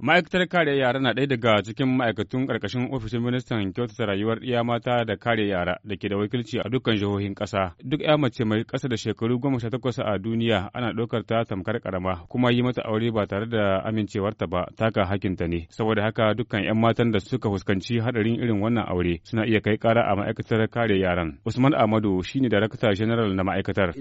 Ma'aikatar kare yara na ɗaya daga cikin ma'aikatun ƙarƙashin ofishin ministan kyautata rayuwar iya mata da kare yara da ke da wakilci a dukkan jihohin ƙasa. Duk ya mace mai ƙasa da shekaru goma sha takwas a duniya ana ɗaukar ta tamkar ƙarama kuma yi mata aure ba tare da amincewarta ba ta taka hakinta ne. Saboda haka dukkan 'yan matan da suka fuskanci haɗarin irin wannan aure suna iya kai ƙara a ma'aikatar kare yaran. Usman Ahmadu ne darakta general na ma'aikatar.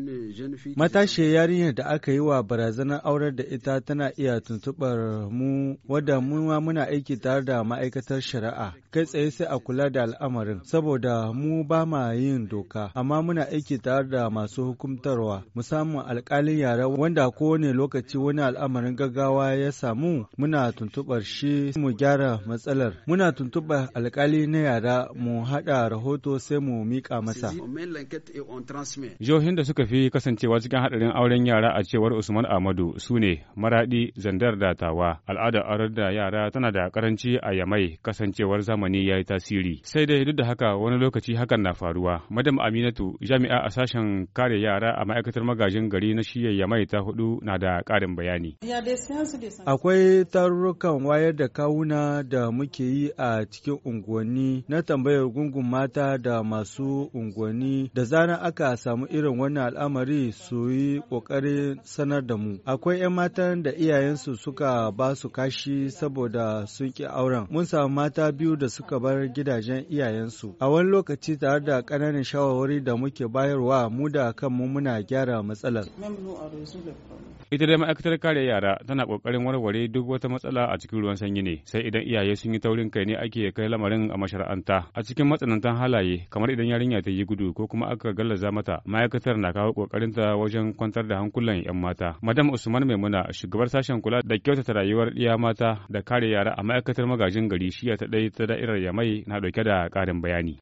Matashe yarinyar da aka yi wa barazanar aurar da ita tana iya tuntuɓar mu wadda mu muna aiki tare da ma'aikatar shari'a kai tsaye sai a kula da al'amarin saboda mu ba ma yin doka amma muna aiki tare da masu hukumtarwa musamman alkalin yara wanda kowane lokaci wani al'amarin gaggawa ya samu muna tuntubar shi mu gyara matsalar muna tuntubar alkali na yara mu haɗa rahoto sai mu mika masa jihohin da suka fi kasancewa cikin haɗarin auren yara a cewar usman ahmadu su ne maraɗi zandar datawa al'adar horar da yara tana da karanci a Yamai kasancewar zamani ya yi tasiri. Sai dai duk da haka wani lokaci hakan na faruwa. Madam Aminatu jami'a a sashen kare yara a ma'aikatar magajin gari na shiyar Yamai ta hudu na da ƙarin bayani. Akwai tarurrukan wayar da kawuna da muke yi a cikin unguwanni na tambayar gungun mata da masu unguwanni da zana aka samu irin wannan al'amari su yi ƙoƙarin sanar da mu. Akwai 'yan matan da iyayensu suka ba su kashi shi saboda sun ƙi auren. Mun samu mata biyu da suka bar gidajen iyayensu. A wani lokaci tare da ƙananan shawarwari da muke bayarwa mu da kanmu muna gyara matsalar. Ita dai ma'aikatar kare yara tana ƙoƙarin warware duk wata matsala a cikin ruwan sanyi ne sai idan iyaye sun yi taurin kai ne ake kai lamarin a mashara'anta a cikin matsanantan halaye kamar idan yarinya ta yi gudu ko kuma aka gallaza mata ma'aikatar na kawo ta wajen kwantar da hankulan 'yan mata. Madam Usman Maimuna shugabar sashen kula da kyautata rayuwar ɗiya mata mata da kare yara a ma'aikatar magajin gari shiya ta ɗaya ta da'irar Yamai na ɗauke da ƙarin bayani.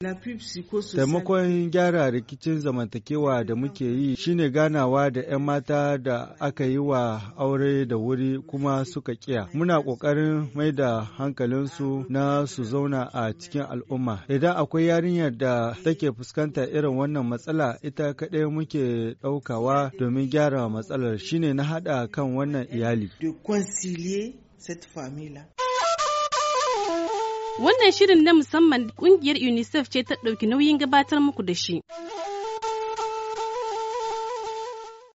Taimakon gyara rikicin zamantakewa da muke yi shine ganawa da 'yan mata da aka yi wa aure da wuri kuma suka kiya. Muna ƙoƙarin mai da hankalinsu na su zauna a cikin al'umma. Idan akwai yarinyar da take fuskanta irin wannan matsala ita kaɗai muke ɗaukawa domin gyara matsalar shine na haɗa kan wannan iyali. cette famille Wannan shirin na musamman ƙungiyar UNICEF ce ta ɗauki nauyin gabatar muku da shi.